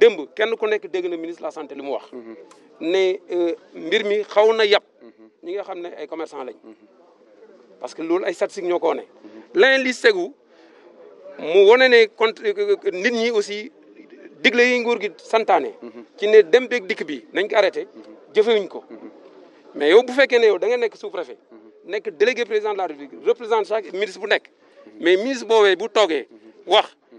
démb kenn ku nekk dégg na ministre de la santé li mu wax. ne euh, mbir mi xaw na yàpp. ñi nga xam ne ay commerçant lañ. parce que loolu ay statistiques ñoo ko wane. leneen li segu mu wone ne euh, euh, nit ñi aussi digle yi nguur gi santaane. ci ne dem beeg dikk bi nañ ko arrêté. jëfewuñ ko. mais yow bu fekkee ne yow da nga nekk sous préfet. nekk délégué président de la république représente chaque ministre bu nekk. mais ministre boobee bu toogee wax.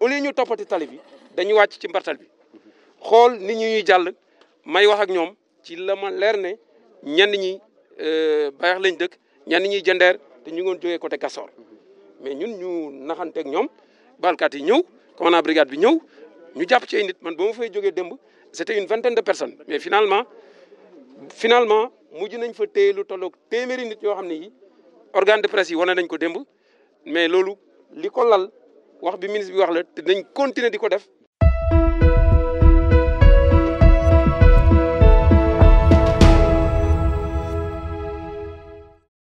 au lieu ñu toppati tali bi dañu wàcc ci mbartal bi xool nit ñi ñuy jàll may wax ak ñoom ci la ma leer ne ñenn ñi euh, baax lañ dëkk ñenn ñi jëndeer te ñu ngoon jógee côté Kassor mais ñun ñu ak ñoom balkat yi ñëw commandant brigade bi ñëw ñu jàpp ci ay nit man ba ma fay jógee démb c'était une vingtaine de personnes mais finalement finalement mujj nañ fa téye lu tolloog téeméeri nit yoo xam ne yi organe de presse yi wane nañ ko démb mais loolu li ko lal wax bi ministre bi wax la te dañ continuer di ko def